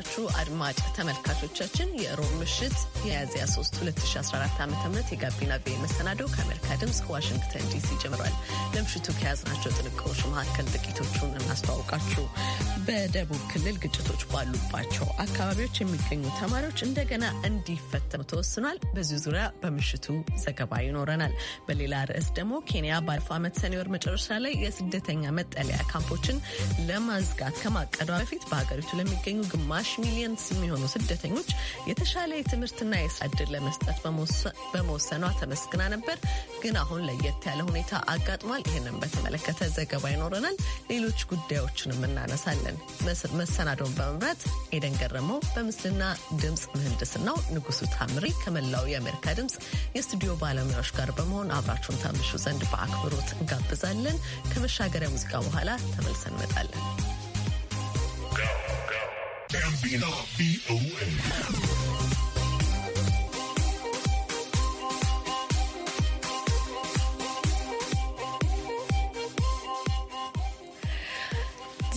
የተከበራችሁ አድማጭ ተመልካቾቻችን የሮብ ምሽት የያዝያ 3 2014 ዓ ም የጋቢና ቤ መሰናዶ ከአሜሪካ ድምፅ ዋሽንግተን ዲሲ ጀምሯል። ለምሽቱ ከያዝናቸው ጥንቅሮች መካከል ጥቂቶቹን እናስተዋውቃችሁ። በደቡብ ክልል ግጭቶች ባሉባቸው አካባቢዎች የሚገኙ ተማሪዎች እንደገና እንዲፈተኑ ተወስኗል። በዚህ ዙሪያ በምሽቱ ዘገባ ይኖረናል። በሌላ ርዕስ ደግሞ ኬንያ ባለፈው ዓመት ሰኔ ወር መጨረሻ ላይ የስደተኛ መጠለያ ካምፖችን ለማዝጋት ከማቀዷ በፊት በሀገሪቱ ለሚገኙ ግማሽ ሚሊዮን የሚሆኑ ስደተኞች የተሻለ የትምህርትና የስራ ለመስጠት በመወሰኗ ተመስግና ነበር። ግን አሁን ለየት ያለ ሁኔታ አጋጥሟል። ይህንን በተመለከተ ዘገባ ይኖረናል። ሌሎች ጉዳዮችንም እናነሳለን። መሰናዶን በመምራት ኤደን ገረመው፣ በምስልና ድምፅ ምህንድስናው ንጉሱ ታምሪ ከመላው የአሜሪካ ድምፅ የስቱዲዮ ባለሙያዎች ጋር በመሆን አብራችሁን ታምሹ ዘንድ በአክብሮት እንጋብዛለን። ከመሻገሪያ ሙዚቃ በኋላ ተመልሰን እንመጣለን።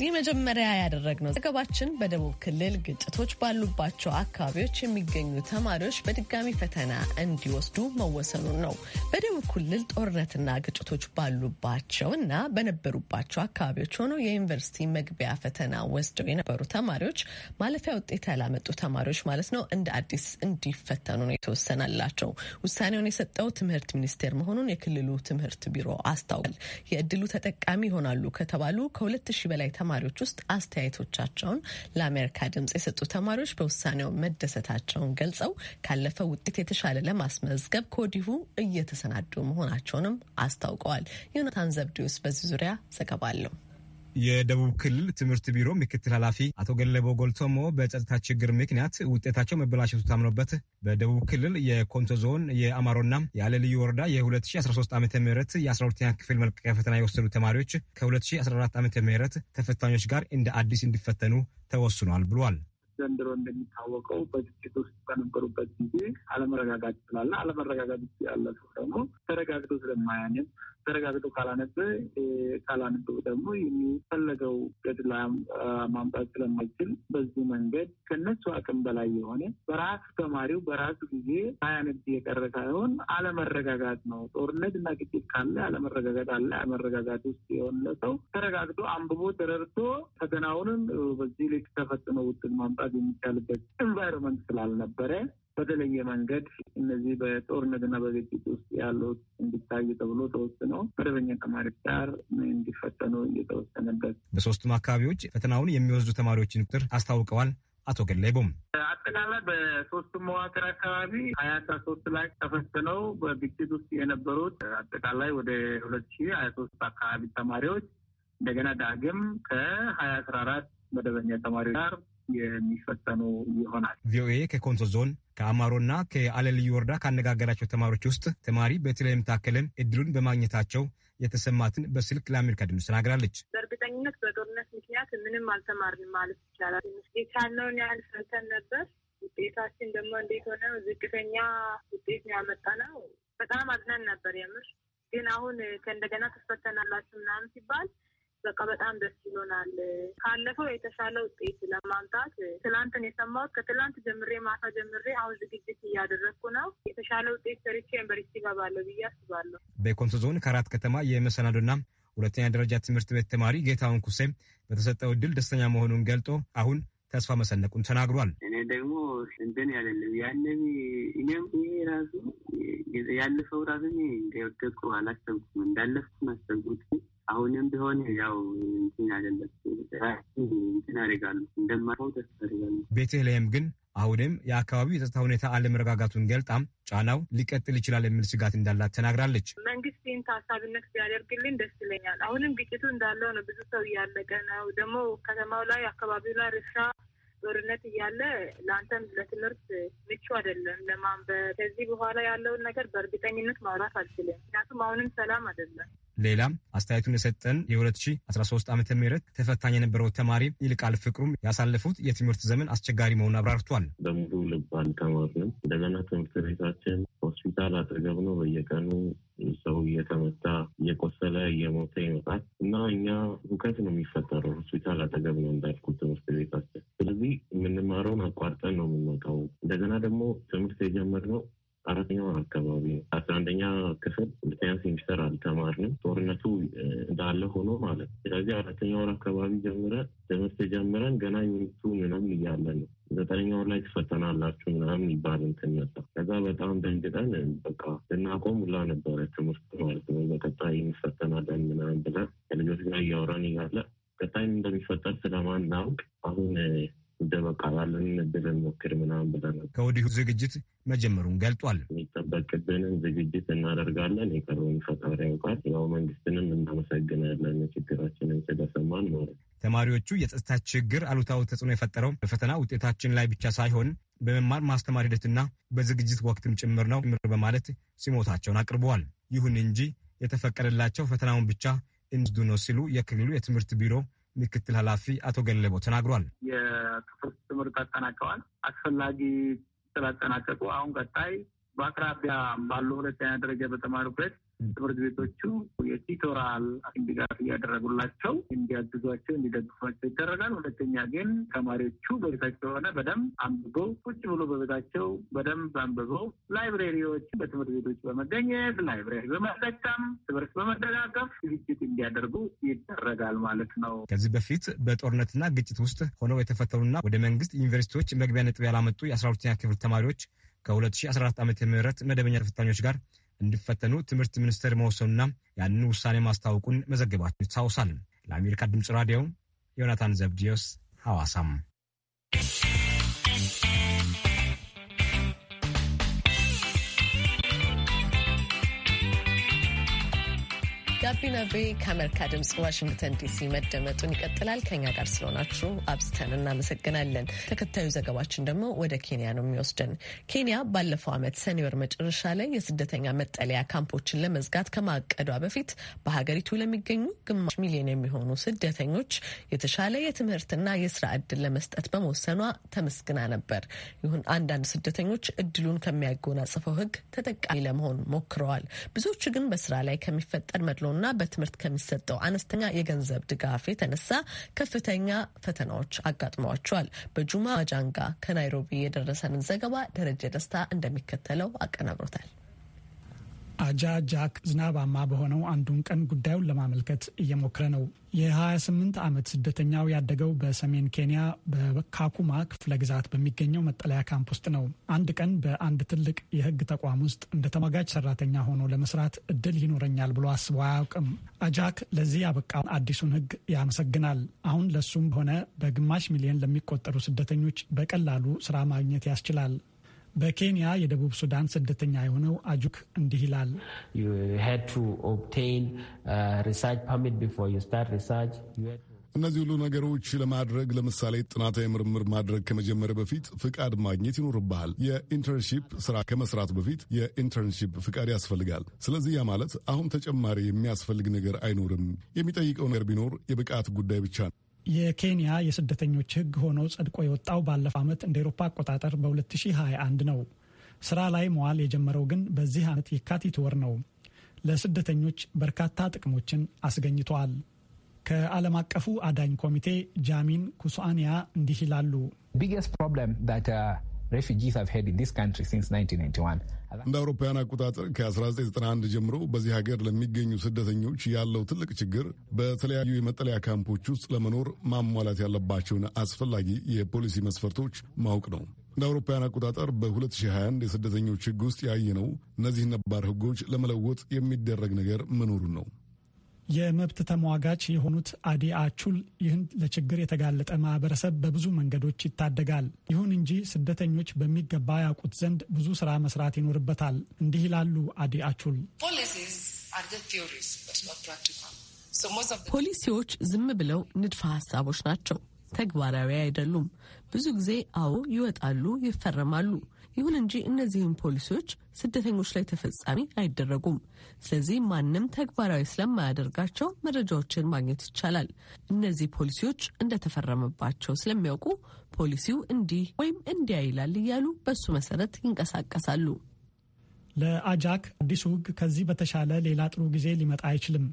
ያደረግ ያደረግነው ዘገባችን በደቡብ ክልል ግጭቶች ባሉባቸው አካባቢዎች የሚገኙ ተማሪዎች በድጋሚ ፈተና እንዲወስዱ መወሰኑን ነው። በደቡብ ክልል ጦርነትና ግጭቶች ባሉባቸው እና በነበሩባቸው አካባቢዎች ሆነው የዩኒቨርሲቲ መግቢያ ፈተና ወስደው የነበሩ ተማሪዎች ማለፊያ ውጤት ያላመጡ ተማሪዎች ማለት ነው እንደ አዲስ እንዲፈተኑ ነው የተወሰነላቸው። ውሳኔውን የሰጠው ትምህርት ሚኒስቴር መሆኑን የክልሉ ትምህርት ቢሮ አስታውቋል። የእድሉ ተጠቃሚ ይሆናሉ ከተባሉ ከሁለት ሺህ በላይ ተማሪዎች ተማሪዎች ውስጥ አስተያየቶቻቸውን ለአሜሪካ ድምጽ የሰጡ ተማሪዎች በውሳኔው መደሰታቸውን ገልጸው ካለፈው ውጤት የተሻለ ለማስመዝገብ ከወዲሁ እየተሰናዱ መሆናቸውንም አስታውቀዋል። ዮናታን ዘብዲዮስ በዚህ ዙሪያ ዘገባ አለው። የደቡብ ክልል ትምህርት ቢሮ ምክትል ኃላፊ አቶ ገለቦ ጎልቶሞ በጸጥታ ችግር ምክንያት ውጤታቸው መበላሸቱ ታምኖበት በደቡብ ክልል የኮንቶ ዞን የአማሮና የአለልዩ ልዩ ወረዳ የ2013 ዓ ም የ12ኛ ክፍል መልቀቂያ ፈተና የወሰዱ ተማሪዎች ከ2014 ዓ ም ተፈታኞች ጋር እንደ አዲስ እንዲፈተኑ ተወስኗል ብሏል። ዘንድሮ እንደሚታወቀው በግጭት ውስጥ በነበሩበት ጊዜ አለመረጋጋት ስላለ አለመረጋጋት ያለ ሰው ደግሞ ተረጋግቶ ስለማያንም ተረጋግጦ ካላነበ ካላነበ ደግሞ የሚፈለገው ገድል ማምጣት ስለማይችል በዚህ መንገድ ከነሱ አቅም በላይ የሆነ በራሱ ተማሪው በራሱ ጊዜ ሳያነብ የቀረ ሳይሆን አለመረጋጋት ነው። ጦርነት እና ግጭት ካለ አለመረጋጋት አለ። አለመረጋጋት ውስጥ የሆነ ሰው ተረጋግቶ አንብቦ ተረድቶ ፈተናውንም በዚህ ልክ ተፈጽሞ ውጤት ማምጣት የሚቻልበት ኢንቫይሮመንት ስላልነበረ በተለየ መንገድ እነዚህ በጦርነትና በግጭት ውስጥ ያሉት እንዲታዩ ተብሎ ተወስኖ መደበኛ ተማሪዎች ጋር እንዲፈተኑ እየተወሰነበት በሶስቱም አካባቢዎች ፈተናውን የሚወስዱ ተማሪዎችን ቁጥር አስታውቀዋል። አቶ ገላይቦም አጠቃላይ በሶስቱ መዋቅር አካባቢ ሀያ አስራ ሶስት ላይ ተፈትነው በግጭት ውስጥ የነበሩት አጠቃላይ ወደ ሁለት ሺ ሀያ ሶስት አካባቢ ተማሪዎች እንደገና ዳግም ከሀያ አስራ አራት መደበኛ ተማሪዎች ጋር የሚፈተኑ ይሆናል። ቪኦኤ ከኮንሶ ዞን ከአማሮና ከአለልዩ ወረዳ ካነጋገራቸው ተማሪዎች ውስጥ ተማሪ በተለይም ታከለም እድሉን በማግኘታቸው የተሰማትን በስልክ ለአሜሪካ ድምፅ ተናግራለች። በእርግጠኝነት በጦርነት ምክንያት ምንም አልተማርንም ማለት ይቻላል። የቻልነውን ያህል ሰርተን ነበር። ውጤታችን ደግሞ እንዴት ሆነ? ዝቅተኛ ውጤት ነው ነው። በጣም አዝነን ነበር የምር። ግን አሁን ከእንደገና ትፈተናላችሁ ምናምን ሲባል በቃ በጣም ደስ ይሆናል። ካለፈው የተሻለ ውጤት ለማምጣት ትላንትን የሰማሁት ከትላንት ጀምሬ ማታ ጀምሬ አሁን ዝግጅት እያደረግኩ ነው። የተሻለ ውጤት ሰርቼ ዩኒቨርሲቲ እገባለሁ ብዬ አስባለሁ። በኮንሶ ዞን ከአራት ከተማ የመሰናዶና ሁለተኛ ደረጃ ትምህርት ቤት ተማሪ ጌታውን ኩሴ በተሰጠው እድል ደስተኛ መሆኑን ገልጦ አሁን ተስፋ መሰነቁን ተናግሯል። እኔ ደግሞ እንትን አይደለም ያንን እኔም ይሄ ራሱ ያለፈው ራሱ ወደቁ አላሰብኩም እንዳለፍኩም አሰብኩት አሁንም ቢሆን ያው እንትን አይደለም እንትን ያደርጋሉ ተስፋ ያደርጋሉ። ቤተልሔም ግን አሁንም የአካባቢው የጸጥታ ሁኔታ አለመረጋጋቱን ገልጣም ጫናው ሊቀጥል ይችላል የሚል ስጋት እንዳላት ተናግራለች። መንግስት ይህን ታሳቢነት ቢያደርግልን ደስ ይለኛል። አሁንም ግጭቱ እንዳለው ነው። ብዙ ሰው እያለቀ ነው። ደግሞ ከተማው ላይ አካባቢው ላይ ርሻ ጦርነት እያለ ለአንተም ለትምህርት ምቹ አይደለም ለማንበብ። ከዚህ በኋላ ያለውን ነገር በእርግጠኝነት ማውራት አልችልም። ምክንያቱም አሁንም ሰላም አይደለም። ሌላ አስተያየቱን የሰጠን የ2013 ዓ ም ተፈታኝ የነበረው ተማሪ ይልቃል ፍቅሩም ያሳለፉት የትምህርት ዘመን አስቸጋሪ መሆኑን አብራርቷል። በሙሉ ልብ አልተማርንም። እንደገና ትምህርት ቤታችን ሆስፒታል አጠገብ ነው። በየቀኑ ሰው እየተመታ እየቆሰለ እየሞተ ይመጣል እና እኛ ሁከት ነው የሚፈጠረው። ሆስፒታል አጠገብ ነው እንዳልኩ ትምህርት ቤታችን። ስለዚህ የምንማረውን አቋርጠን ነው የምንወጣው። እንደገና ደግሞ ትምህርት የጀመርነው አራተኛውን አካባቢ አስራ አንደኛ ክፍል ሁለተኛ ሴሚስተር አልተማርንም። ጦርነቱ እንዳለ ሆኖ ማለት ስለዚህ አራተኛ ወር አካባቢ ጀምረ ትምህርት ጀምረን ገና ዩኒቱ ምናምን እያለ ነው ዘጠነኛ ወር ላይ ትፈተናላችሁ ምናምን ይባል እንትን መጣ። ከዛ በጣም ደንግጠን በቃ ልናቆም ሁላ ነበረ ትምህርት ማለት ነው። በቀጣይ እንፈተናለን ምናምን ብለን ከልጆች ጋር እያወራን እያለ ቀጣይ እንደሚፈጠር ስለማናውቅ አሁን እንደ በቃ ያለንን እድል እንሞክር ምናምን ብለናል። ከወዲሁ ዝግጅት መጀመሩን ገልጧል። የሚጠበቅብንን ዝግጅት እናደርጋለን። የቀረውን ፈጣሪ ያውቃል። ያው መንግስትንም እናመሰግናለን ችግራችንን ስለሰማን ማለት ተማሪዎቹ የጸጥታ ችግር አሉታዊ ተጽዕኖ የፈጠረው በፈተና ውጤታችን ላይ ብቻ ሳይሆን በመማር ማስተማር ሂደትና በዝግጅት ወቅትም ጭምር ነው ምር በማለት ሲሞታቸውን አቅርበዋል። ይሁን እንጂ የተፈቀደላቸው ፈተናውን ብቻ እንዱ ነው ሲሉ የክልሉ የትምህርት ቢሮ ምክትል ኃላፊ አቶ ገለቦ ተናግሯል። የክፍል ትምህርት አጠናቀዋል። አስፈላጊ ስላጠናቀቁ አሁን ቀጣይ በአቅራቢያ ባሉ ሁለተኛ ደረጃ በተማሩበት ትምህርት ቤቶቹ የቲቶራል ድጋፍ እያደረጉላቸው እንዲያግዟቸው፣ እንዲደግፏቸው ይደረጋል። ሁለተኛ ግን ተማሪዎቹ በቤታቸው የሆነ በደንብ አንብበው ቁጭ ብሎ በቤታቸው በደንብ አንብበው ላይብሬሪዎች በትምህርት ቤቶች በመገኘት ላይብሬሪ በመጠቀም ትምህርት በመደጋገፍ ዝግጅት እንዲያደርጉ ይደረጋል ማለት ነው። ከዚህ በፊት በጦርነትና ግጭት ውስጥ ሆነው የተፈተኑና ወደ መንግስት ዩኒቨርሲቲዎች መግቢያ ነጥብ ያላመጡ የ12ኛ ክፍል ተማሪዎች ከ2014 ዓ ም መደበኛ ተፈታኞች ጋር እንዲፈተኑ ትምህርት ሚኒስቴር መወሰኑና ያንን ውሳኔ ማስታወቁን መዘገባችን ይታወሳል። ለአሜሪካ ድምፅ ራዲዮ ዮናታን ዘብዲዮስ ሐዋሳም ጋቢና ቤ ከአሜሪካ ድምፅ ዋሽንግተን ዲሲ መደመጡን ይቀጥላል። ከኛ ጋር ስለሆናችሁ አብዝተን እናመሰግናለን። ተከታዩ ዘገባችን ደግሞ ወደ ኬንያ ነው የሚወስደን። ኬንያ ባለፈው ዓመት ሰኔ ወር መጨረሻ ላይ የስደተኛ መጠለያ ካምፖችን ለመዝጋት ከማቀዷ በፊት በሀገሪቱ ለሚገኙ ግማሽ ሚሊዮን የሚሆኑ ስደተኞች የተሻለ የትምህርትና የስራ እድል ለመስጠት በመወሰኗ ተመስግና ነበር። ይሁን አንዳንድ ስደተኞች እድሉን ከሚያጎናጽፈው ሕግ ተጠቃሚ ለመሆን ሞክረዋል። ብዙዎቹ ግን በስራ ላይ ከሚፈጠር መድሎ ከሚኖረውና በትምህርት ከሚሰጠው አነስተኛ የገንዘብ ድጋፍ የተነሳ ከፍተኛ ፈተናዎች አጋጥመዋቸዋል። በጁማ ጃንጋ ከናይሮቢ የደረሰንን ዘገባ ደረጀ ደስታ እንደሚከተለው አቀናብሮታል። አጃ ጃክ ዝናባማ በሆነው አንዱን ቀን ጉዳዩን ለማመልከት እየሞከረ ነው። የ28 ዓመት ስደተኛው ያደገው በሰሜን ኬንያ በካኩማ ክፍለ ግዛት በሚገኘው መጠለያ ካምፕ ውስጥ ነው። አንድ ቀን በአንድ ትልቅ የሕግ ተቋም ውስጥ እንደ ተሟጋጅ ሰራተኛ ሆኖ ለመስራት እድል ይኖረኛል ብሎ አስቦ አያውቅም። አጃክ ለዚህ ያበቃውን አዲሱን ሕግ ያመሰግናል። አሁን ለሱም ሆነ በግማሽ ሚሊዮን ለሚቆጠሩ ስደተኞች በቀላሉ ስራ ማግኘት ያስችላል። በኬንያ የደቡብ ሱዳን ስደተኛ የሆነው አጁክ እንዲህ ይላል። እነዚህ ሁሉ ነገሮች ለማድረግ ለምሳሌ ጥናታዊ ምርምር ማድረግ ከመጀመር በፊት ፍቃድ ማግኘት ይኖርብሃል። የኢንተርንሺፕ ስራ ከመስራት በፊት የኢንተርንሺፕ ፍቃድ ያስፈልጋል። ስለዚህ ያ ማለት አሁን ተጨማሪ የሚያስፈልግ ነገር አይኖርም። የሚጠይቀው ነገር ቢኖር የብቃት ጉዳይ ብቻ ነው። የኬንያ የስደተኞች ሕግ ሆኖ ጸድቆ የወጣው ባለፈው ዓመት እንደ ኤሮፓ አቆጣጠር በ2021 ነው። ስራ ላይ መዋል የጀመረው ግን በዚህ ዓመት የካቲት ወር ነው። ለስደተኞች በርካታ ጥቅሞችን አስገኝተዋል። ከዓለም አቀፉ አዳኝ ኮሚቴ ጃሚን ኩሱአንያ እንዲህ ይላሉ። ቢገስት ፕሮብለም ሬፊጂስ have had in this 1991. እንደ አውሮፓውያን አቆጣጠር ከ1991 ጀምሮ በዚህ ሀገር ለሚገኙ ስደተኞች ያለው ትልቅ ችግር በተለያዩ የመጠለያ ካምፖች ውስጥ ለመኖር ማሟላት ያለባቸውን አስፈላጊ የፖሊሲ መስፈርቶች ማወቅ ነው። እንደ አውሮፓውያን አቆጣጠር በ2021 የስደተኞች ሕግ ውስጥ ያየነው እነዚህ ነባር ሕጎች ለመለወጥ የሚደረግ ነገር መኖሩን ነው። የመብት ተሟጋች የሆኑት አዲ አቹል ይህን ለችግር የተጋለጠ ማህበረሰብ በብዙ መንገዶች ይታደጋል። ይሁን እንጂ ስደተኞች በሚገባ ያውቁት ዘንድ ብዙ ስራ መስራት ይኖርበታል። እንዲህ ይላሉ አዲ አቹል። ፖሊሲዎች ዝም ብለው ንድፈ ሀሳቦች ናቸው፣ ተግባራዊ አይደሉም። ብዙ ጊዜ አዎ ይወጣሉ፣ ይፈረማሉ ይሁን እንጂ እነዚህም ፖሊሲዎች ስደተኞች ላይ ተፈጻሚ አይደረጉም። ስለዚህ ማንም ተግባራዊ ስለማያደርጋቸው መረጃዎችን ማግኘት ይቻላል። እነዚህ ፖሊሲዎች እንደተፈረመባቸው ስለሚያውቁ ፖሊሲው እንዲህ ወይም እንዲያ ይላል እያሉ በሱ መሰረት ይንቀሳቀሳሉ። ለአጃክ አዲሱ ሕግ ከዚህ በተሻለ ሌላ ጥሩ ጊዜ ሊመጣ አይችልም።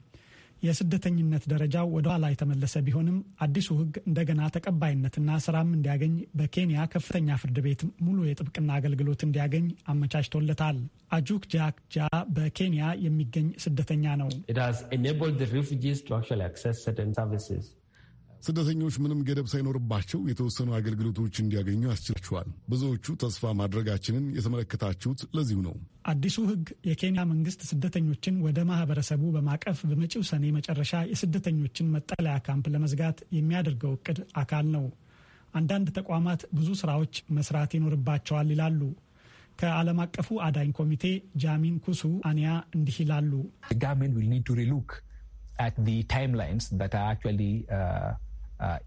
የስደተኝነት ደረጃው ወደ ኋላ የተመለሰ ቢሆንም አዲሱ ሕግ እንደገና ተቀባይነትና ስራም እንዲያገኝ በኬንያ ከፍተኛ ፍርድ ቤት ሙሉ የጥብቅና አገልግሎት እንዲያገኝ አመቻችቶለታል። አጁክ ጃክ ጃ በኬንያ የሚገኝ ስደተኛ ነው። ስደተኞች ምንም ገደብ ሳይኖርባቸው የተወሰኑ አገልግሎቶች እንዲያገኙ ያስችላቸዋል። ብዙዎቹ ተስፋ ማድረጋችንን የተመለከታችሁት ለዚሁ ነው። አዲሱ ሕግ የኬንያ መንግስት ስደተኞችን ወደ ማህበረሰቡ በማቀፍ በመጪው ሰኔ መጨረሻ የስደተኞችን መጠለያ ካምፕ ለመዝጋት የሚያደርገው እቅድ አካል ነው። አንዳንድ ተቋማት ብዙ ስራዎች መስራት ይኖርባቸዋል ይላሉ። ከዓለም አቀፉ አዳኝ ኮሚቴ ጃሚን ኩሱ አኒያ እንዲህ ይላሉ። Uh,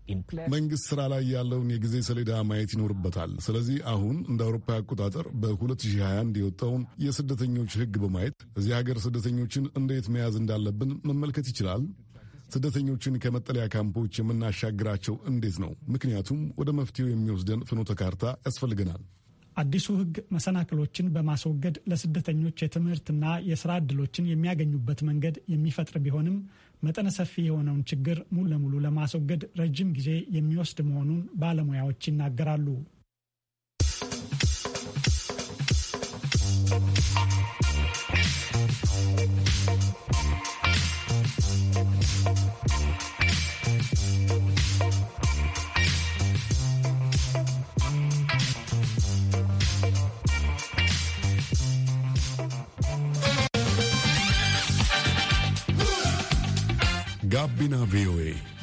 መንግስት ስራ ላይ ያለውን የጊዜ ሰሌዳ ማየት ይኖርበታል። ስለዚህ አሁን እንደ አውሮፓ አቆጣጠር በ2021 የወጣውን የስደተኞች ህግ በማየት እዚህ ሀገር ስደተኞችን እንዴት መያዝ እንዳለብን መመልከት ይችላል። ስደተኞችን ከመጠለያ ካምፖች የምናሻግራቸው እንዴት ነው? ምክንያቱም ወደ መፍትሄው የሚወስደን ፍኖተ ካርታ ያስፈልገናል። አዲሱ ህግ መሰናክሎችን በማስወገድ ለስደተኞች የትምህርትና የስራ ዕድሎችን የሚያገኙበት መንገድ የሚፈጥር ቢሆንም መጠነ ሰፊ የሆነውን ችግር ሙሉ ለሙሉ ለማስወገድ ረጅም ጊዜ የሚወስድ መሆኑን ባለሙያዎች ይናገራሉ። ጋቢና ቪኦኤ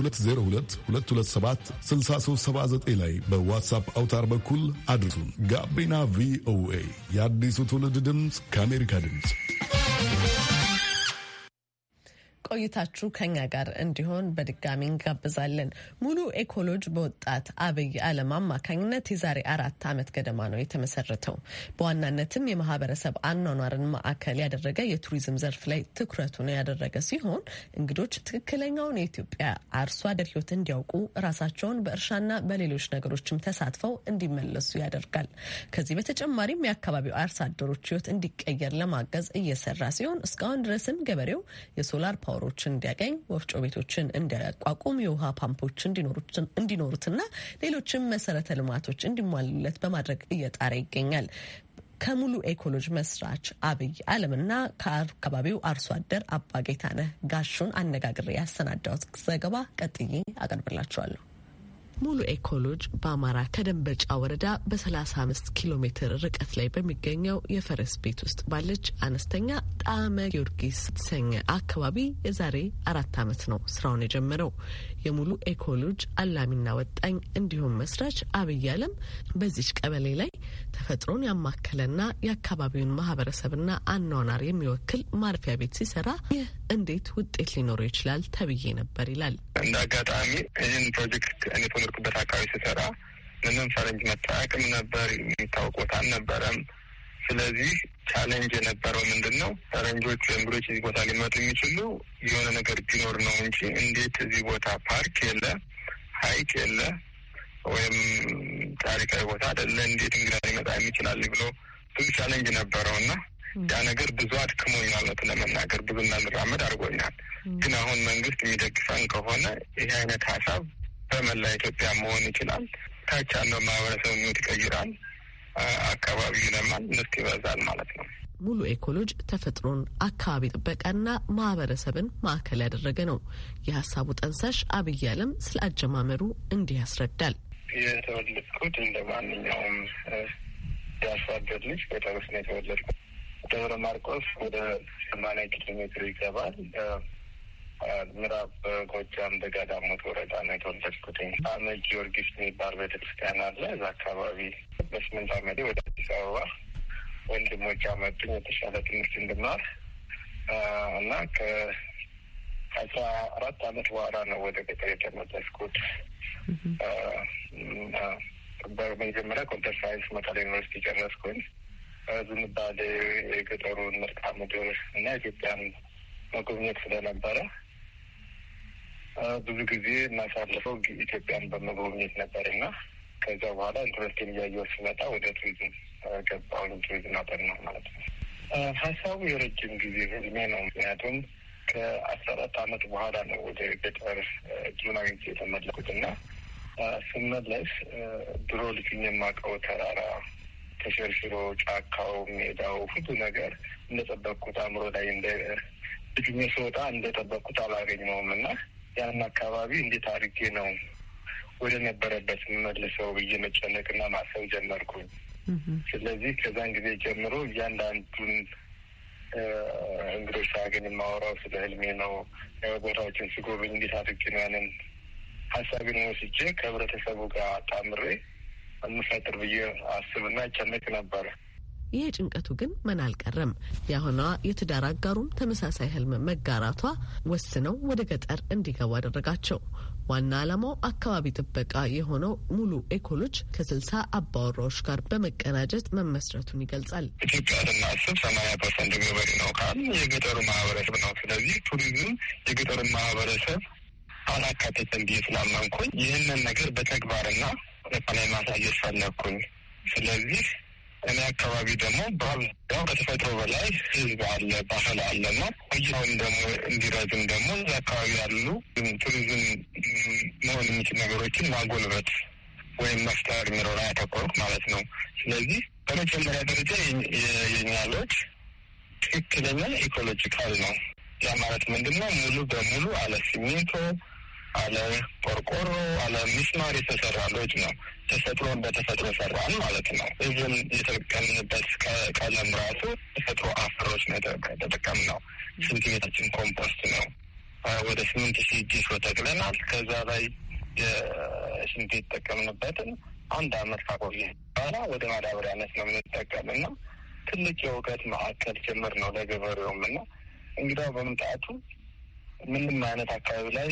2022276379 ላይ በዋትሳፕ አውታር በኩል አድርሱን። ጋቢና ቪኦኤ የአዲሱ ትውልድ ድምፅ ከአሜሪካ ድምፅ ቆይታችሁ ከኛ ጋር እንዲሆን በድጋሚ እንጋብዛለን። ሙሉ ኤኮሎጅ በወጣት አብይ አለም አማካኝነት የዛሬ አራት ዓመት ገደማ ነው የተመሰረተው። በዋናነትም የማህበረሰብ አኗኗርን ማዕከል ያደረገ የቱሪዝም ዘርፍ ላይ ትኩረቱን ያደረገ ሲሆን እንግዶች ትክክለኛውን የኢትዮጵያ አርሶ አደር ህይወት እንዲያውቁ ራሳቸውን በእርሻና በሌሎች ነገሮችም ተሳትፈው እንዲመለሱ ያደርጋል። ከዚህ በተጨማሪም የአካባቢው አርሶ አደሮች ህይወት እንዲቀየር ለማገዝ እየሰራ ሲሆን እስካሁን ድረስም ገበሬው የሶላር ፓወር ሻወሮች እንዲያገኝ፣ ወፍጮ ቤቶችን እንዲያቋቁም፣ የውሃ ፓምፖች እንዲኖሩትና ሌሎችም መሰረተ ልማቶች እንዲሟሉለት በማድረግ እየጣረ ይገኛል። ከሙሉ ኤኮሎጂ መስራች አብይ አለምና ከአካባቢው አርሶ አደር አባጌታነህ ጋሹን አነጋግሬ ያሰናዳሁት ዘገባ ቀጥዬ አቀርብላችኋለሁ። ሙሉ ኤኮሎጅ በአማራ ከደንበጫ ወረዳ በ35 ኪሎ ሜትር ርቀት ላይ በሚገኘው የፈረስ ቤት ውስጥ ባለች አነስተኛ ጣዕመ ጊዮርጊስ የተሰኘ አካባቢ የዛሬ አራት ዓመት ነው ስራውን የጀመረው። የሙሉ ኤኮሎጅ አላሚና ወጣኝ እንዲሁም መስራች አብይ አለም በዚች ቀበሌ ላይ ተፈጥሮን ያማከለና የአካባቢውን ማህበረሰብና አኗኗር የሚወክል ማረፊያ ቤት ሲሰራ ይህ እንዴት ውጤት ሊኖረው ይችላል ተብዬ ነበር ይላል። እንደ አጋጣሚ ይህን ፕሮጀክት እኔ ተመርኩበት አካባቢ ስሰራ ምንም ፈረንጅ መጠራቅም ነበር የሚታወቅ ቦታ አልነበረም። ስለዚህ ቻሌንጅ የነበረው ምንድን ነው? ፈረንጆች ብሎች እዚህ ቦታ ሊመጡ የሚችሉ የሆነ ነገር ቢኖር ነው እንጂ እንዴት እዚህ ቦታ ፓርክ የለ፣ ሀይቅ የለ፣ ወይም ታሪካዊ ቦታ አደለ፣ እንዴት እንግዳ ሊመጣ የሚችላል ብሎ ብዙ ቻሌንጅ ነበረው እና ያ ነገር ብዙ አድክሞኛል። እውነት ለመናገር ብዙ እንዳንራመድ አድርጎኛል። ግን አሁን መንግስት የሚደግፈን ከሆነ ይህ አይነት ሀሳብ በመላ ኢትዮጵያ መሆን ይችላል። ታች ያለው ማህበረሰብ ሚት ይቀይራል። አካባቢ ይነማል፣ ምርት ይበዛል ማለት ነው። ሙሉ ኤኮሎጅ ተፈጥሮን፣ አካባቢ ጥበቃና ማህበረሰብን ማዕከል ያደረገ ነው። የሀሳቡ ጠንሳሽ አብይ አለም ስለ አጀማመሩ እንዲህ ያስረዳል። የተወለድኩት እንደ ማንኛውም የአርሶ ልጅ በጠርስ ነው የተወለድኩት። ደብረ ማርቆስ ወደ ሰማንያ ኪሎ ሜትር ይገባል። ምዕራብ ጎጃም በጋዳሞት ወረዳ ነው የተወለድኩትኝ። አመ ጊዮርጊስ የሚባል ቤተክርስቲያን አለ። እዛ አካባቢ በስምንት አመቴ ወደ አዲስ አበባ ወንድሞች አመጡኝ የተሻለ ትምህርት እንድማር እና ከአስራ አራት አመት በኋላ ነው ወደ ገጠር የተመለስኩት። በመጀመሪያ ኮምፒተር ሳይንስ መቀሌ ዩኒቨርሲቲ ጨረስኩኝ። ዝንባሌ የገጠሩን መልክዓ ምድር እና ኢትዮጵያን መጎብኘት ስለነበረ ብዙ ጊዜ እናሳልፈው ኢትዮጵያን በመጎብኘት ነበር እና ከዚያ በኋላ ኢንትረስቲን እያየሁ ሲመጣ ወደ ቱሪዝም ገባሁኝ። ቱሪዝም አጠር ነው ማለት ነው። ሀሳቡ የረጅም ጊዜ ህልሜ ነው። ምክንያቱም ከአስራ አራት አመት በኋላ ነው ወደ ገጠር እድሉን አግኝቼ የተመለኩት እና ስመለስ ድሮ ልጅኝ የማውቀው ተራራ ተሸርሽሮ፣ ጫካው፣ ሜዳው፣ ሁሉ ነገር እንደጠበቅኩት አእምሮ ላይ እንደ ልጅኝ ስወጣ እንደጠበቅኩት አላገኘውም እና ያን አካባቢ እንዴት አድርጌ ነው ወደ ነበረበት የምመልሰው ብዬ መጨነቅና ማሰብ ጀመርኩኝ። ስለዚህ ከዛን ጊዜ ጀምሮ እያንዳንዱን እንግዶች ሳገኝ የማወራው ስለ ህልሜ ነው። ቦታዎችን ስጎብኝ እንዴት አድርጌ ነው ያንን ሀሳቢን ወስጄ ከህብረተሰቡ ጋር ታምሬ የምፈጥር ብዬ አስብና ይጨነቅ ነበረ። ይሄ ጭንቀቱ ግን መና አልቀረም። የአሁኗ የትዳር አጋሩም ተመሳሳይ ህልም መጋራቷ ወስነው ወደ ገጠር እንዲገቡ አደረጋቸው። ዋና ዓላማው አካባቢ ጥበቃ የሆነው ሙሉ ኤኮሎጅ ከስልሳ አባወራዎች ጋር በመቀናጀት መመስረቱን ይገልጻል። ኢትዮጵያ ስናስብ ሰማኒያ ፐርሰንት ገበሬ ነው ካል የገጠሩ ማህበረሰብ ነው። ስለዚህ ቱሪዝም የገጠሩን ማህበረሰብ አላካተተ እንዲ ስላመንኩኝ ይህንን ነገር በተግባርና ሁኔታ ማሳየት ፈለግኩኝ። ስለዚህ እኔ አካባቢ ደግሞ ባል ያው ከተፈጥሮ በላይ ህዝብ አለ፣ ባህል አለ ና ቆያውን ደግሞ እንዲረዝም ደግሞ እዛ አካባቢ ያሉ ቱሪዝም መሆን የሚችል ነገሮችን ማጎልበት ወይም መፍጠር የሚለውን ያተኮርኩ ማለት ነው። ስለዚህ በመጀመሪያ ደረጃ የኛሎች ትክክለኛ ኢኮሎጂካል ነው። ያ ማለት ምንድነው? ሙሉ በሙሉ አለ ሲሚንቶ አለ ቆርቆሮ አለ ሚስማር የተሰራ ሎጅ ነው። ተፈጥሮ በተፈጥሮ ሰራን ማለት ነው። እዚህም የተጠቀምንበት ቀለም ራሱ ተፈጥሮ አፈሮች ነው የተጠቀም ነው። ስንት ቤታችን ኮምፖስት ነው። ወደ ስምንት ሺህ ዲሽ ተክለናል። ከዛ ላይ የስንት የተጠቀምንበትን አንድ አመት ካቆየ በኋላ ወደ ማዳበሪያነት ነው የምንጠቀም የምንጠቀምና ትልቅ የእውቀት ማዕከል ጭምር ነው ለገበሬውም እና እንግዲያው በምጣቱ ምንም አይነት አካባቢ ላይ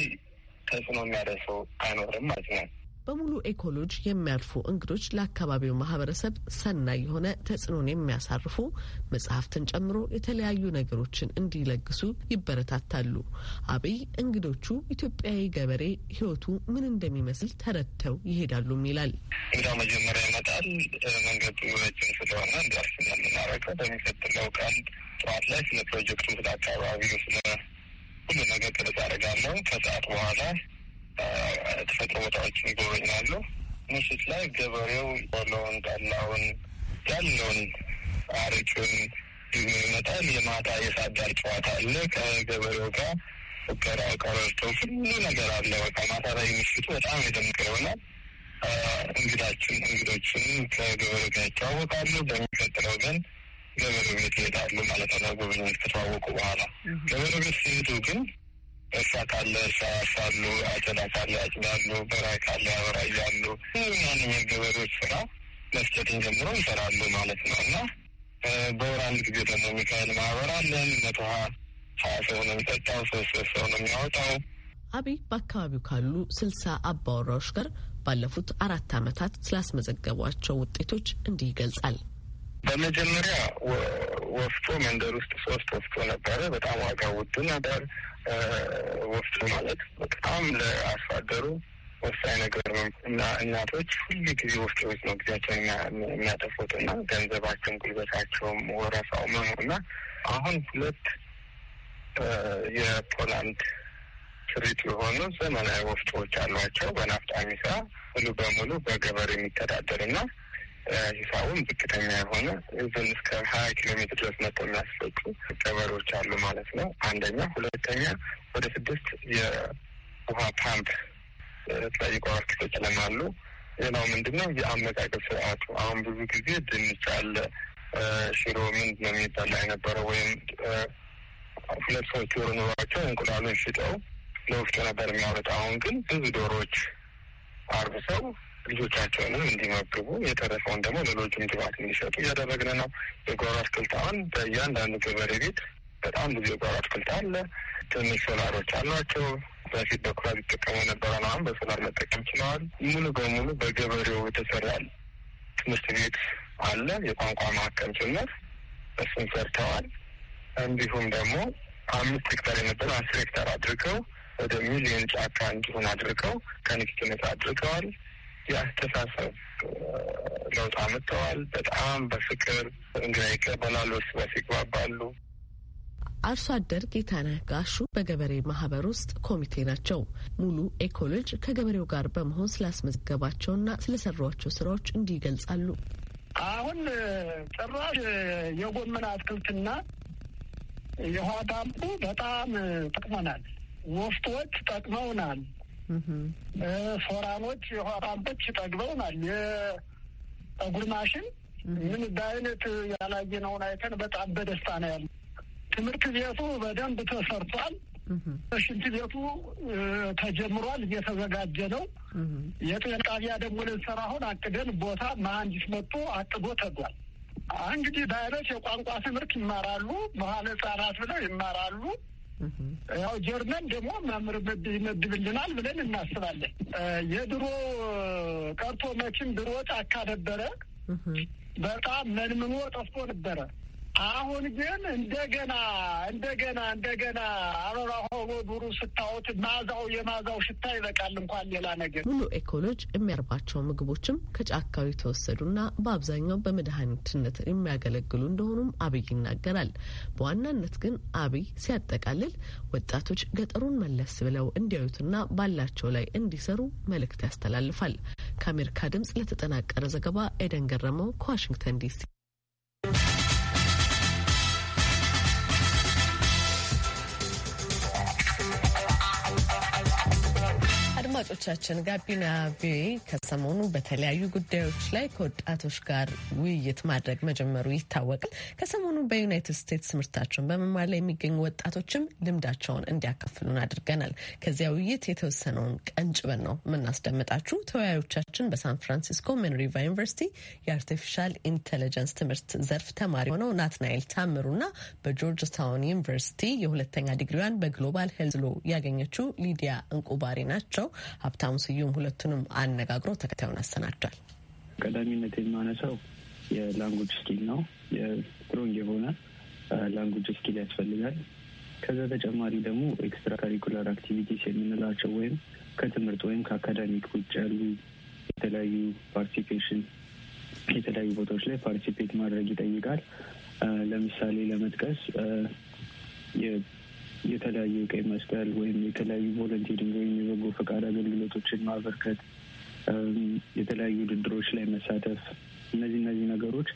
ተጽዕኖ የሚያደርሰው አይኖርም ማለት ነው። በሙሉ ኤኮሎጅ የሚያልፉ እንግዶች ለአካባቢው ማህበረሰብ ሰናይ የሆነ ተጽዕኖን የሚያሳርፉ መጽሐፍትን ጨምሮ የተለያዩ ነገሮችን እንዲለግሱ ይበረታታሉ። አብይ እንግዶቹ ኢትዮጵያዊ ገበሬ ሕይወቱ ምን እንደሚመስል ተረድተው ይሄዳሉም ይላል። እንግዳው መጀመሪያ ይመጣል። መንገዱ ረጅም ስለሆነ እንዲያርስ የምናረገው በሚቀጥለው ቀን ጠዋት ላይ ስለ ፕሮጀክቱ፣ ስለ አካባቢው፣ ስለ ሁሉ ነገር ቅርጽ አደርጋለሁ። ከሰዓት በኋላ ተፈጥሮ ቦታዎችን ይጎበኛሉ። ምሽት ላይ ገበሬው ቆሎውን፣ ጠላውን ያለውን አርጩን ድግሞ ይመጣል። የማታ የሳዳር ጨዋታ አለ ከገበሬው ጋር ፉከራ፣ ቀረርቶ ሁሉ ነገር አለ። በቃ ማታ ላይ ምሽቱ በጣም የደምቀ ይሆናል። እንግዳችን እንግዶችን ከገበሬው ጋር ይተዋወቃሉ። በሚቀጥለው ግን ገበሬ ቤት ይሄዳሉ ማለት ነው። ጉብኝት ከተዋወቁ በኋላ ገበሬ ቤት ሲሄዱ ግን እርሻ ካለ እርሻ ያርሳሉ፣ አጨዳ ካለ ያጭዳሉ፣ በራይ ካለ ያበራያሉ። ማንም የገበሬዎች ስራ መስጨትን ጀምሮ ይሰራሉ ማለት ነው እና በወር አንድ ጊዜ ደግሞ ሚካኤል ማህበር አለን። መቶ ሀያ ሰው ነው የሚጠጣው፣ ሶስት ሶስት ሰው ነው የሚያወጣው። አብይ በአካባቢው ካሉ ስልሳ አባወራዎች ጋር ባለፉት አራት ዓመታት ስላስመዘገቧቸው ውጤቶች እንዲህ ይገልጻል። በመጀመሪያ ወፍጮ መንደር ውስጥ ሶስት ወፍጮ ነበረ። በጣም ዋጋ ውድ ነበር። ወፍጮ ማለት በጣም ለአርሶ አደሩ ወሳኝ ነገር ነው እና እናቶች ሁሉ ጊዜ ቤት ነው ጊዜያቸውን የሚያጠፉት እና ገንዘባቸውም፣ ጉልበታቸውም፣ ወረፋው መኑ እና አሁን ሁለት የፖላንድ ስሪት የሆኑ ዘመናዊ ወፍጮዎች አሏቸው። በናፍጣ የሚሰራ ሙሉ በሙሉ በገበሬ የሚተዳደር እና ሂሳቡም ዝቅተኛ የሆነ ዝን እስከ ሀያ ኪሎ ሜትር ድረስ መጥተው የሚያስፈጩ ቀበሮች አሉ ማለት ነው። አንደኛ፣ ሁለተኛ ወደ ስድስት የውሃ ፓምፕ የተለያዩ ቋዋርኪ ተጨለማሉ። ሌላው ምንድን ነው የአመጋገብ ስርዓቱ አሁን ብዙ ጊዜ ድንች አለ ሽሮ ምንድ ነው የሚበላ የነበረው ወይም ሁለት ሰዎች ዶሮ ኖሯቸው እንቁላሉን ሽጠው ለወፍጮ ነበር የሚያወሩት። አሁን ግን ብዙ ዶሮዎች አርብሰው ልጆቻቸውንም እንዲመግቡ የተረፈውን ደግሞ ሌሎችም ግብዓት እንዲሰጡ እያደረግን ነው። የጓሮ አሁን በእያንዳንዱ ገበሬ ቤት በጣም ብዙ የጓሮ አትክልት አለ። ትንሽ ሶላሮች አሏቸው። በፊት በኩራዝ ይጠቀሙ የነበረ ነው። አሁን በሶላር መጠቀም ችለዋል። ሙሉ በሙሉ በገበሬው የተሰራ ትምህርት ቤት አለ፣ የቋንቋ ማዕከል ጭምር እሱን ሰርተዋል። እንዲሁም ደግሞ አምስት ሄክታር የነበረ አስር ሄክታር አድርገው ወደ ሚሊዮን ጫካ እንዲሆን አድርገው ከንክኪ አድርገዋል። የአስተሳሰብ ለውጥ አምጥተዋል። በጣም በፍቅር እንግዳ ይቀበላሉ፣ እርስ በርስ ይግባባሉ። አርሶ አደር ጌታነህ ጋሹ በገበሬ ማህበር ውስጥ ኮሚቴ ናቸው። ሙሉ ኤኮሎጅ ከገበሬው ጋር በመሆን ስላስመዘገባቸውና ስለሰሯቸው ስራዎች እንዲህ ይገልጻሉ። አሁን ጭራሽ የጎመን አትክልትና የውሃ ዳምቡ በጣም ጠቅመናል። ወፍጮዎች ጠቅመውናል። ፎራኖች ሆራቦች ጠግበውናል። የጠጉር ማሽን ምን በአይነት ያላየነውን አይተን በጣም በደስታ ነው ያለ። ትምህርት ቤቱ በደንብ ተሰርቷል። ሽንት ቤቱ ተጀምሯል፣ እየተዘጋጀ ነው። የጤና ጣቢያ ደግሞ ልንሰራ አሁን አቅደን ቦታ መሀንዲስ መጥቶ አቅዶ ተጓል። እንግዲህ በአይነት የቋንቋ ትምህርት ይማራሉ፣ መዋዕለ ህጻናት ብለው ይማራሉ። ያው ጀርመን ደግሞ መምህር ይመድብልናል ብለን እናስባለን። የድሮ ቀርቶ መቼም ድሮ ጫካ ነበረ፣ በጣም መንምኖ ጠፍቶ ነበረ። አሁን ግን እንደገና እንደገና እንደገና አበባ ሆኖ ዱሩ ስታወት ማዛው የማዛው ሽታ ይበቃል። እንኳን ሌላ ነገር ሙሉ ኤኮሎጅ የሚያርባቸው ምግቦችም ከጫካው የተወሰዱና በአብዛኛው በመድኃኒትነት የሚያገለግሉ እንደሆኑም አብይ ይናገራል። በዋናነት ግን አብይ ሲያጠቃልል ወጣቶች ገጠሩን መለስ ብለው እንዲያዩትና ባላቸው ላይ እንዲሰሩ መልእክት ያስተላልፋል። ከአሜሪካ ድምጽ ለተጠናቀረ ዘገባ ኤደን ገረመው ከዋሽንግተን ዲሲ አድማጮቻችን ጋቢና ቪኦኤ ከሰሞኑ በተለያዩ ጉዳዮች ላይ ከወጣቶች ጋር ውይይት ማድረግ መጀመሩ ይታወቃል። ከሰሞኑ በዩናይትድ ስቴትስ ትምህርታቸውን በመማር ላይ የሚገኙ ወጣቶችም ልምዳቸውን እንዲያካፍሉን አድርገናል። ከዚያ ውይይት የተወሰነውን ቀንጭበን ነው የምናስደምጣችሁ። ተወያዮቻችን በሳን ፍራንሲስኮ መንሪቫ ዩኒቨርሲቲ የአርቲፊሻል ኢንቴሊጀንስ ትምህርት ዘርፍ ተማሪ ሆነው ናትናኤል ታምሩና በጆርጅ ታውን ዩኒቨርሲቲ የሁለተኛ ዲግሪዋን በግሎባል ሄልዝ ሎ ያገኘችው ሊዲያ እንቁባሪ ናቸው። ሀብታሙ ስዩም ሁለቱንም አነጋግሮ ተከታዩን አሰናዷል። ቀዳሚነት የማነሳው የላንጉጅ ስኪል ነው። የስትሮንግ የሆነ ላንጉጅ ስኪል ያስፈልጋል። ከዛ ተጨማሪ ደግሞ ኤክስትራ ካሪኩላር አክቲቪቲስ የምንላቸው ወይም ከትምህርት ወይም ከአካዳሚክ ውጭ ያሉ የተለያዩ ፓርቲሲፔሽን የተለያዩ ቦታዎች ላይ ፓርቲሲፔት ማድረግ ይጠይቃል። ለምሳሌ ለመጥቀስ የተለያዩ ቀይ መስቀል ወይም የተለያዩ ቮለንቲሪንግ ወይም የበጎ ፈቃድ አገልግሎቶችን ማበርከት፣ የተለያዩ ውድድሮች ላይ መሳተፍ፣ እነዚህ እነዚህ ነገሮች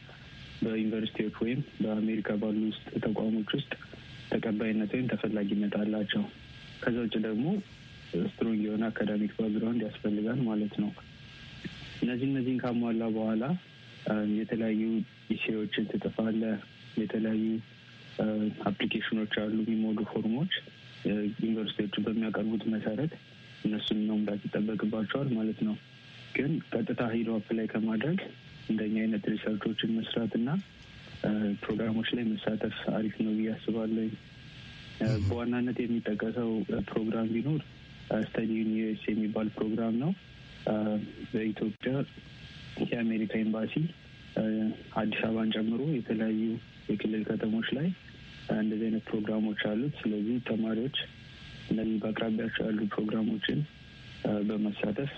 በዩኒቨርሲቲዎች ወይም በአሜሪካ ባሉ ውስጥ ተቋሞች ውስጥ ተቀባይነት ወይም ተፈላጊነት አላቸው። ከዛ ውጭ ደግሞ ስትሮንግ የሆነ አካዳሚክ ባክግራውንድ ያስፈልጋል ማለት ነው። እነዚህ እነዚህን ካሟላ በኋላ የተለያዩ ኢሴዎችን ትጽፋለህ የተለያዩ አፕሊኬሽኖች አሉ፣ የሚሞሉ ፎርሞች ዩኒቨርሲቲዎቹ በሚያቀርቡት መሰረት እነሱን መሙላት ይጠበቅባቸዋል ማለት ነው። ግን ቀጥታ ሂዶ አፕላይ ከማድረግ እንደኛ አይነት ሪሰርቾችን መስራት እና ፕሮግራሞች ላይ መሳተፍ አሪፍ ነው ብዬ አስባለሁ። በዋናነት የሚጠቀሰው ፕሮግራም ቢኖር ስተዲ ዩኒቨርስ የሚባል ፕሮግራም ነው። በኢትዮጵያ የአሜሪካ ኤምባሲ አዲስ አበባን ጨምሮ የተለያዩ የክልል ከተሞች ላይ እንደዚህ አይነት ፕሮግራሞች አሉት። ስለዚህ ተማሪዎች እነዚህ በአቅራቢያቸው ያሉ ፕሮግራሞችን በመሳተፍ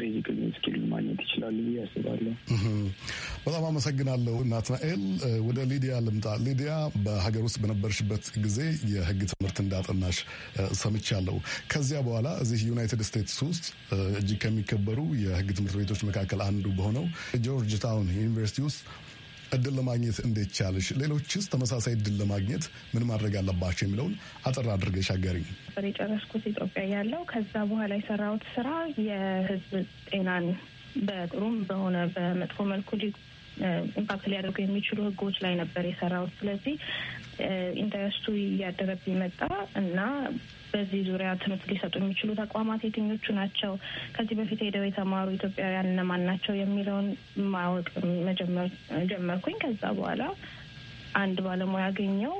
ቤዚክ ስኪል ማግኘት ይችላሉ ብዬ አስባለሁ። በጣም አመሰግናለሁ ናትናኤል። ወደ ሊዲያ ልምጣ። ሊዲያ በሀገር ውስጥ በነበርሽበት ጊዜ የሕግ ትምህርት እንዳጠናሽ ሰምቻለሁ። ከዚያ በኋላ እዚህ ዩናይትድ ስቴትስ ውስጥ እጅግ ከሚከበሩ የሕግ ትምህርት ቤቶች መካከል አንዱ በሆነው ጆርጅ ታውን ዩኒቨርሲቲ ውስጥ እድል ለማግኘት እንዴት ቻልሽ? ሌሎችስ ተመሳሳይ እድል ለማግኘት ምን ማድረግ አለባቸው የሚለውን አጠር አድርገሽ አጋሪኝ። የጨረስኩት ኢትዮጵያ ያለው ከዛ በኋላ የሰራሁት ስራ የህዝብ ጤናን በጥሩም በሆነ በመጥፎ መልኩ ኢምፓክት ሊያደርጉ የሚችሉ ህጎች ላይ ነበር የሰራሁት። ስለዚህ ኢንተረስቱ እያደረብኝ መጣ እና በዚህ ዙሪያ ትምህርት ሊሰጡ የሚችሉ ተቋማት የትኞቹ ናቸው፣ ከዚህ በፊት ሄደው የተማሩ ኢትዮጵያውያን እነማን ናቸው የሚለውን ማወቅ መጀመር ጀመርኩኝ። ከዛ በኋላ አንድ ባለሙያ አገኘው።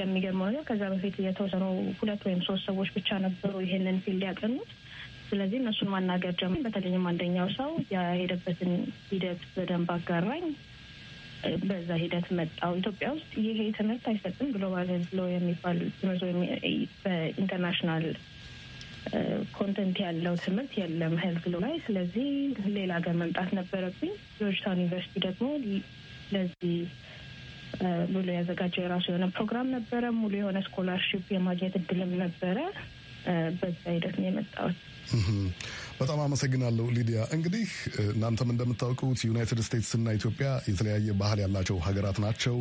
የሚገርመው ነገር ከዛ በፊት የተወሰኑ ሁለት ወይም ሶስት ሰዎች ብቻ ነበሩ ይህንን ፊልድ ያቀኑት። ስለዚህ እነሱን ማናገር ጀመር። በተለይም አንደኛው ሰው የሄደበትን ሂደት በደንብ አጋራኝ። በዛ ሂደት መጣው። ኢትዮጵያ ውስጥ ይሄ ትምህርት አይሰጥም። ግሎባል ሄልዝ ሎ የሚባል ትምህርት ወይም በኢንተርናሽናል ኮንተንት ያለው ትምህርት የለም ሄልዝ ሎ ላይ። ስለዚህ ሌላ ሀገር መምጣት ነበረብኝ። ጆርጅታውን ዩኒቨርሲቲ ደግሞ ለዚህ ብሎ ያዘጋጀው የራሱ የሆነ ፕሮግራም ነበረ። ሙሉ የሆነ ስኮላርሽፕ የማግኘት እድልም ነበረ። በዛ ሂደት ነው የመጣሁት። በጣም አመሰግናለሁ ሊዲያ። እንግዲህ እናንተም እንደምታውቁት ዩናይትድ ስቴትስ እና ኢትዮጵያ የተለያየ ባህል ያላቸው ሀገራት ናቸው።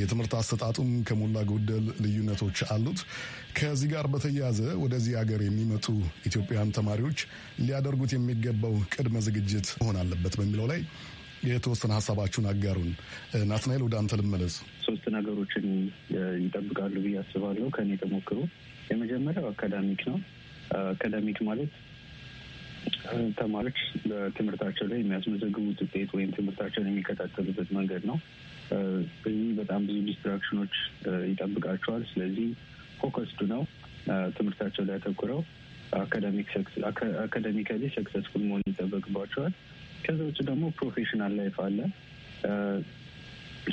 የትምህርት አሰጣጡም ከሞላ ጎደል ልዩነቶች አሉት። ከዚህ ጋር በተያያዘ ወደዚህ ሀገር የሚመጡ ኢትዮጵያውያን ተማሪዎች ሊያደርጉት የሚገባው ቅድመ ዝግጅት መሆን አለበት በሚለው ላይ የተወሰነ ሀሳባችሁን አጋሩን። ናትናኤል ወደ አንተ ልመለስ። ሶስት ነገሮችን ይጠብቃሉ ብዬ አስባለሁ ከኔ ተሞክሮ። የመጀመሪያው አካዳሚክ ነው። አካዳሚክ ማለት ተማሪዎች በትምህርታቸው ላይ የሚያስመዘግቡት ውጤት ወይም ትምህርታቸውን የሚከታተሉበት መንገድ ነው። በዚህ በጣም ብዙ ዲስትራክሽኖች ይጠብቃቸዋል። ስለዚህ ፎከስዱ ነው ትምህርታቸው ላይ ያተኩረው አካዳሚካሊ ሰክሰስፉል መሆን ይጠበቅባቸዋል። ከዛ ውጭ ደግሞ ፕሮፌሽናል ላይፍ አለ።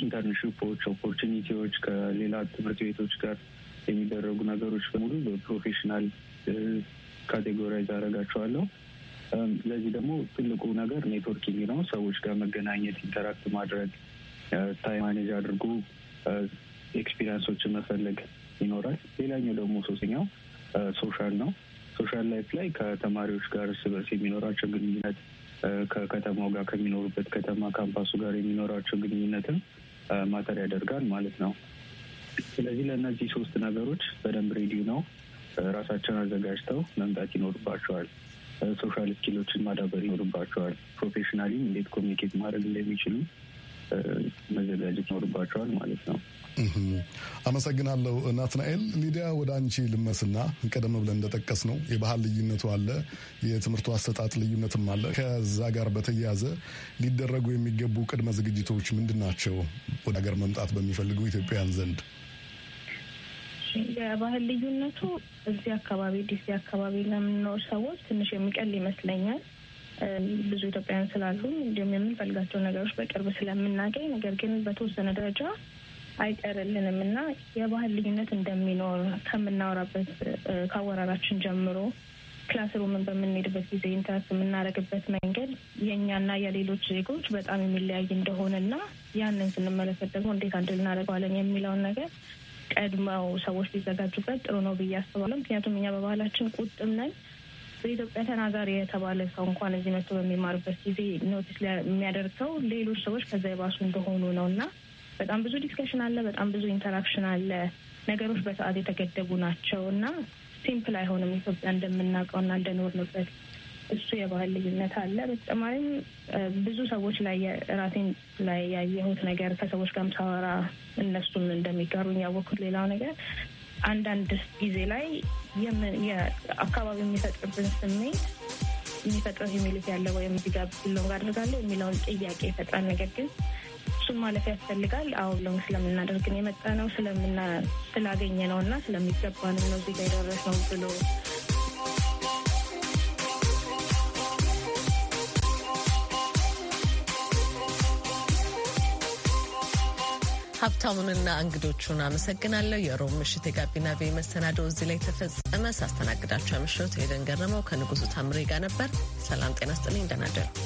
ኢንተርንሽፖች፣ ኦፖርቹኒቲዎች፣ ከሌላ ትምህርት ቤቶች ጋር የሚደረጉ ነገሮች በሙሉ በፕሮፌሽናል ካቴጎራይዝ አደርጋቸዋለሁ። ስለዚህ ደግሞ ትልቁ ነገር ኔትወርኪንግ ነው። ሰዎች ጋር መገናኘት፣ ኢንተራክት ማድረግ፣ ታይም ማኔጅ አድርጎ ኤክስፒሪንሶችን መፈለግ ይኖራል። ሌላኛው ደግሞ ሶስተኛው ሶሻል ነው። ሶሻል ላይፍ ላይ ከተማሪዎች ጋር እርስ በርስ የሚኖራቸው ግንኙነት ከከተማው ጋር ከሚኖሩበት ከተማ ካምፓሱ ጋር የሚኖራቸው ግንኙነትን ማተር ያደርጋል ማለት ነው። ስለዚህ ለእነዚህ ሶስት ነገሮች በደንብ ሬዲዮ ነው ራሳቸውን አዘጋጅተው መምጣት ይኖርባቸዋል። ሶሻል ስኪሎችን ማዳበር ይኖርባቸዋል። ፕሮፌሽናሊ እንዴት ኮሚኒኬት ማድረግ እንደሚችሉ መዘጋጀት ይኖርባቸዋል ማለት ነው። አመሰግናለሁ ናትናኤል። ሊዲያ ወደ አንቺ ልመስና ቀደም ብለን እንደጠቀስ ነው የባህል ልዩነቱ አለ፣ የትምህርቱ አሰጣጥ ልዩነትም አለ። ከዛ ጋር በተያያዘ ሊደረጉ የሚገቡ ቅድመ ዝግጅቶች ምንድን ናቸው? ወደ ሀገር መምጣት በሚፈልጉ ኢትዮጵያውያን ዘንድ የባህል ልዩነቱ እዚህ አካባቢ ዲሲ አካባቢ ለምንኖር ሰዎች ትንሽ የሚቀል ይመስለኛል። ብዙ ኢትዮጵያውያን ስላሉ እንዲሁም የምንፈልጋቸው ነገሮች በቅርብ ስለምናገኝ፣ ነገር ግን በተወሰነ ደረጃ አይቀርልንም እና የባህል ልዩነት እንደሚኖር ከምናወራበት ካወራራችን ጀምሮ ክላስሩምን በምንሄድበት ጊዜ ኢንተራክት የምናደርግበት መንገድ የእኛና የሌሎች ዜጎች በጣም የሚለያይ እንደሆነና ያንን ስንመለከት ደግሞ እንዴት አንድ ልናደርገዋለን የሚለውን ነገር ቀድመው ሰዎች ቢዘጋጁበት ጥሩ ነው ብዬ አስባለሁ። ምክንያቱም እኛ በባህላችን ቁጥም ነን። በኢትዮጵያ ተናጋሪ የተባለ ሰው እንኳን እዚህ መጥቶ በሚማሩበት ጊዜ ኖቲስ የሚያደርገው ሌሎች ሰዎች ከዛ የባሱ እንደሆኑ ነው እና በጣም ብዙ ዲስከሽን አለ፣ በጣም ብዙ ኢንተራክሽን አለ። ነገሮች በሰዓት የተገደቡ ናቸው እና ሲምፕል አይሆንም ኢትዮጵያ እንደምናውቀው እና እንደኖርንበት እሱ የባህል ልዩነት አለ። በተጨማሪም ብዙ ሰዎች ላይ ራሴን ላይ ያየሁት ነገር ከሰዎች ጋርም ሳወራ እነሱም እንደሚጋሩኝ ያወቅኩት ሌላው ነገር አንዳንድ ጊዜ ላይ አካባቢ የሚፈጥርብን ስሜት የሚፈጥረው ሂሚሊቲ ያለ ወይም እዚህ ጋር ቢሎንግ የሚለውን ጥያቄ ይፈጥራል። ነገር ግን እሱን ማለፍ ያስፈልጋል። አሁን ሎንግ ስለምናደርግን የመጣ ነው ስለምና ስላገኘ ነው እና ስለሚገባ ነው እዚህ የደረስ ነው ብሎ ሀብታሙንና እንግዶቹን አመሰግናለሁ። የሮብ ምሽት የጋቢና ቤ መሰናዶ እዚህ ላይ ተፈጸመ። ሳስተናግዳቸው ምሽት ኤደን ገረመው ከንጉሱ ታምሬ ጋር ነበር። ሰላም ጤና ስጥልኝ። ደህና ደሩ።